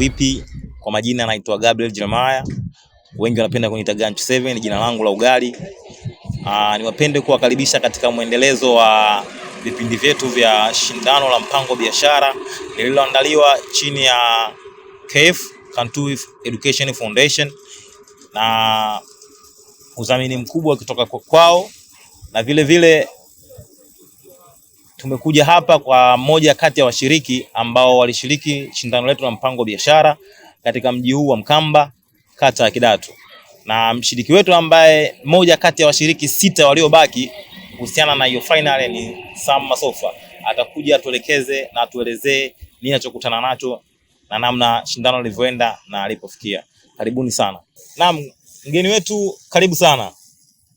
Vipi? Kwa majina naitwa Gabriel Jeremiah, wengi wanapenda kuniita Ganchu7, ni jina langu la ugali. Ah, niwapende kuwakaribisha katika mwendelezo wa vipindi vyetu vya shindano la mpango biashara lililoandaliwa chini ya KEF, Kantu Education Foundation, na udhamini mkubwa kutoka kwao na vile vile tumekuja hapa kwa mmoja kati ya washiriki ambao walishiriki shindano letu la mpango biashara katika mji huu wa Mkamba, kata ya Kidatu, na mshiriki wetu ambaye mmoja kati ya washiriki sita waliobaki kuhusiana na hiyo finali ni Sam Masofa. Atakuja atuelekeze na atuelezee nini anachokutana nacho na namna shindano lilivyoenda na alipofikia. Karibuni sana. Naam, mgeni wetu, karibu sana.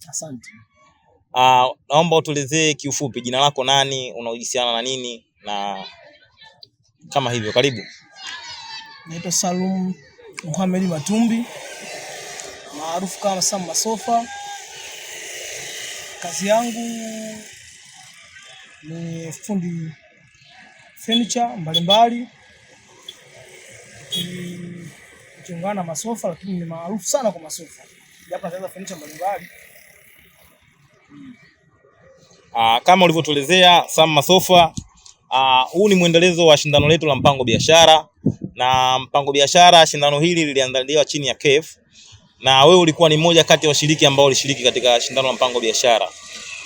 Asante. Uh, naomba utuelezee kiufupi jina lako nani, unaojihusiana na nini na kama hivyo, karibu. Naitwa Salum Muhamed Matumbi maarufu kama Sam Masofa. Kazi yangu ni fundi furniture mbalimbali ikiungana na masofa, lakini ni maarufu sana kwa masofa, japo natengeneza furniture mbalimbali. Aa, ah, kama ulivyotuelezea Sam Masofa, ah, huu ni mwendelezo wa shindano letu la mpango biashara, na mpango biashara, shindano hili liliandaliwa chini ya KEF, na wewe ulikuwa ni mmoja kati ya washiriki ambao ulishiriki katika shindano la mpango biashara.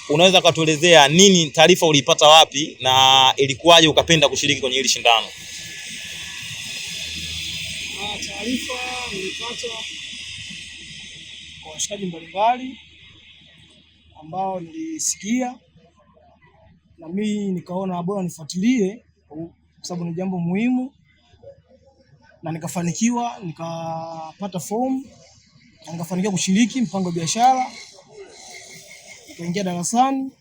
Unaweza ukatuelezea nini, taarifa uliipata wapi na ilikuwaje ukapenda kushiriki kwenye hili shindano? Ah, taarifa nilipata kwa washikaji mbalimbali ambao nilisikia na mimi nikaona bora nifuatilie kwa sababu ni jambo muhimu, na nikafanikiwa, nikapata fomu na nikafanikiwa kushiriki mpango wa biashara, nikaingia darasani.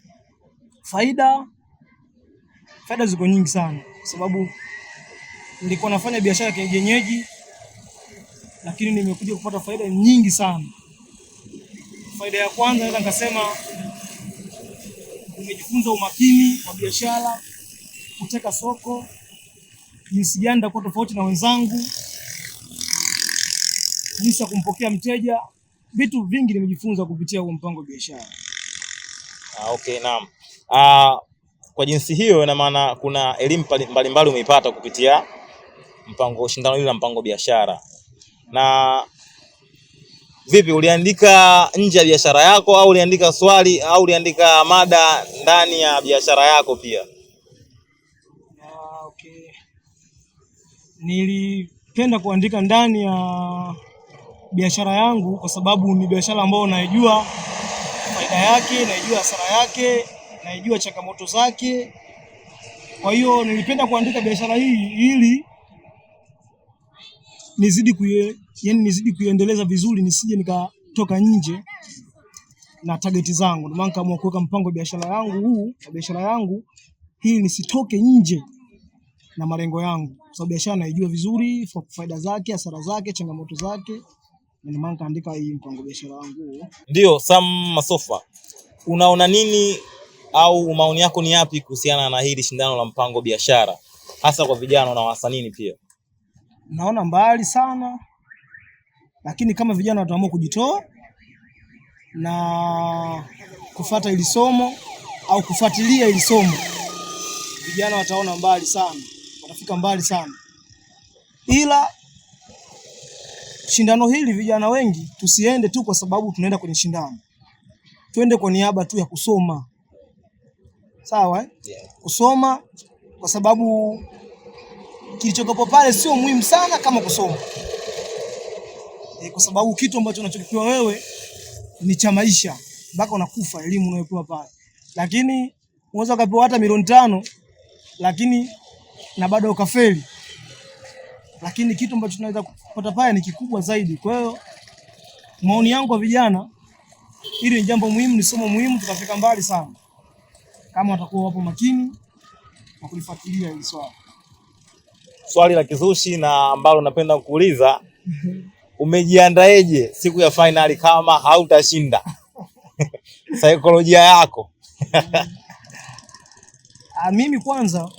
Faida faida ziko nyingi sana, kwa sababu nilikuwa nafanya biashara ya kienyeji, lakini nimekuja kupata faida nyingi sana. Faida ya kwanza naweza nikasema nimejifunza umakini wa biashara, kuteka soko, jinsi gani nitakuwa tofauti na wenzangu, jinsi ya kumpokea mteja. Vitu vingi nimejifunza kupitia huo mpango wa biashara. Ah, okay, naam. Ah, kwa jinsi hiyo, ina maana kuna elimu mbalimbali umeipata kupitia mpango shindano hili la mpango biashara na Vipi, uliandika nje ya biashara yako au uliandika swali au uliandika mada ndani ya biashara yako pia? Ah, okay. Nilipenda kuandika ndani ya biashara yangu kwa sababu ni biashara ambayo naijua faida yake, naijua hasara yake, naijua changamoto zake. Kwa hiyo nilipenda kuandika biashara hii ili nizidi kuye, yani nizidi kuendeleza vizuri, nisije nikatoka nje na target zangu. Ndio maana kaamua kuweka mpango wa biashara yangu huu na biashara yangu hii, nisitoke nje na malengo yangu, kwa sababu biashara naijua vizuri, faida zake, hasara zake, changamoto zake. Ndio maana kaandika hii mpango biashara yangu. Ndio Sam Masofa, unaona nini au maoni yako ni yapi kuhusiana na hili shindano la mpango biashara hasa kwa vijana na wasanii pia? naona mbali sana, lakini kama vijana wataamua kujitoa na kufata ili somo au kufuatilia ili somo, vijana wataona mbali sana, watafika mbali sana. Ila shindano hili vijana wengi tusiende tu kwa sababu tunaenda kwenye shindano, twende kwa niaba tu ya kusoma, sawa eh? Kusoma kwa sababu kilichokopo pale sio muhimu sana kama kusoma e, kwa sababu kitu ambacho unachokipewa wewe ni cha maisha mpaka unakufa, elimu unayopewa pale. Lakini unaweza ukapewa hata milioni tano lakini na bado ukafeli, lakini kitu ambacho tunaweza kupata pale ni kikubwa zaidi. Kwa hiyo maoni yangu kwa vijana, hili ni jambo muhimu, ni somo muhimu, tutafika mbali sana kama watakuwa wapo makini na kulifuatilia hili swala swali la kizushi na ambalo napenda kuuliza, umejiandaeje siku ya fainali kama hautashinda? saikolojia yako A, ah, mimi kwanza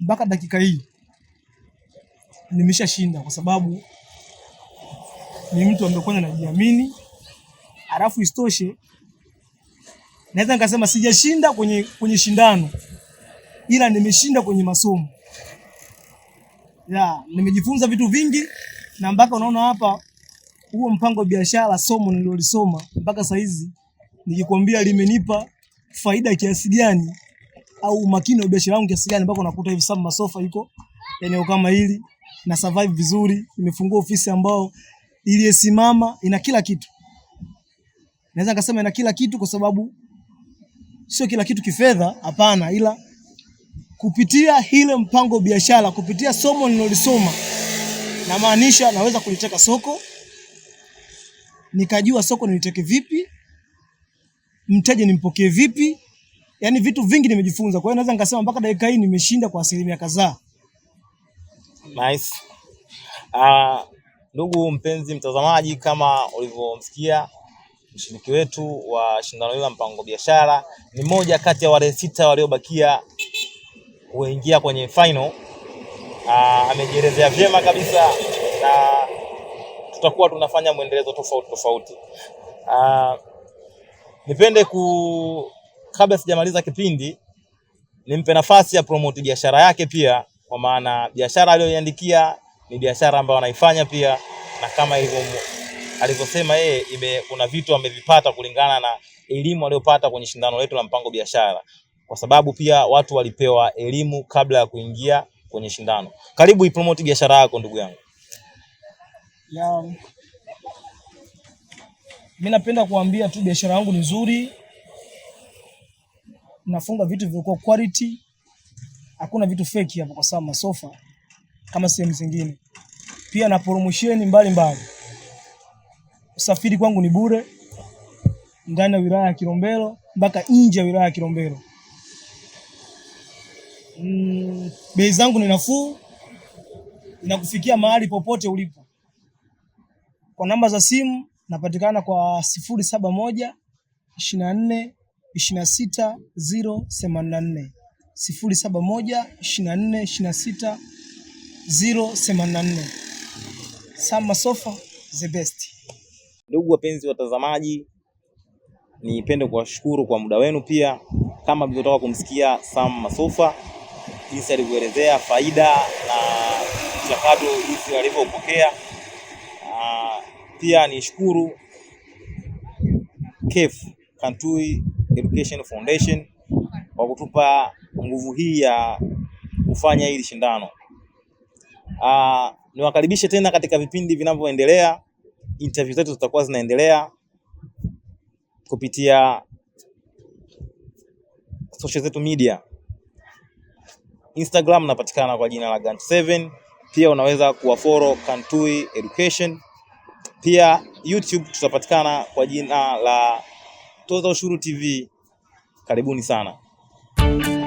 mpaka dakika hii nimeshashinda kwa sababu ni mtu ambaye kwanza najiamini, alafu isitoshe naweza nikasema sijashinda kwenye, kwenye shindano ila nimeshinda kwenye masomo yeah, nimejifunza vitu vingi na mpaka unaona hapa huo mpango wa biashara, somo nilolisoma mpaka saa hizi nikikwambia limenipa faida kiasi gani au umakini wa biashara yangu kiasi gani, mpaka nakuta hivi sasa Masofa yuko eneo kama hili na survive vizuri. Nimefungua ofisi ambao iliyesimama ina kila kitu, naweza nikasema ina kila kitu, kwa sababu sio kila kitu kifedha, hapana, ila kupitia hile mpango biashara, kupitia somo nilolisoma, na maanisha naweza kuliteka soko, nikajua soko niliteke vipi, mteja nimpokee vipi, yani vitu vingi nimejifunza. Kwa hiyo naweza nikasema mpaka dakika hii nimeshinda kwa asilimia kadhaa. Nice. Uh, ndugu mpenzi mtazamaji, kama ulivyomsikia mshiriki wetu wa shindano hili la mpango biashara, ni moja kati ya wale sita waliobakia kuingia kwenye final. Ah, amejielezea vyema kabisa na tutakuwa tunafanya mwendelezo tofauti tofauti. Ah, nipende ku kabla sijamaliza kipindi nimpe nafasi ya promote biashara yake pia, kwa maana biashara aliyoiandikia ni biashara ambayo anaifanya pia, na kama hivyo alivyosema yeye, kuna vitu amevipata kulingana na elimu aliyopata kwenye shindano letu la mpango biashara kwa sababu pia watu walipewa elimu kabla ya kuingia kwenye shindano. Karibu ipromote biashara yako ndugu yangu. Ya, mi napenda kuambia tu biashara yangu ni nzuri, nafunga vitu vilikuwa quality, hakuna vitu feki hapo, kwa sababu masofa kama sehemu zingine. Pia na promosheni mbalimbali, usafiri kwangu ni bure ndani ya wilaya ya Kilombero mpaka nje ya wilaya ya Kilombero mm, bei zangu ni nafuu, inakufikia mahali popote ulipo. Kwa namba za simu napatikana kwa sifuri saba moja ishirini na nne ishirini na sita ziro themanini na nne sifuri saba moja ishirini na nne ishirini na sita ziro themanini na nne. Sama Sofa the best. Ndugu wapenzi watazamaji, nipende kuwashukuru kwa muda wenu. Pia kama mlivyotoka kumsikia Sama Sofa jinsi alivyoelezea faida na mchakato jinsi walivyopokea. Ah, pia nishukuru KEF Kantui Education Foundation kwa kutupa nguvu hii ya kufanya hili shindano. Ah, niwakaribishe tena katika vipindi vinavyoendelea. Interview zetu zitakuwa zinaendelea kupitia social zetu media. Instagram napatikana kwa jina la Gant7, pia unaweza kuwafollow Kantui Education. Pia YouTube tutapatikana kwa jina la Toza Ushuru TV. Karibuni sana.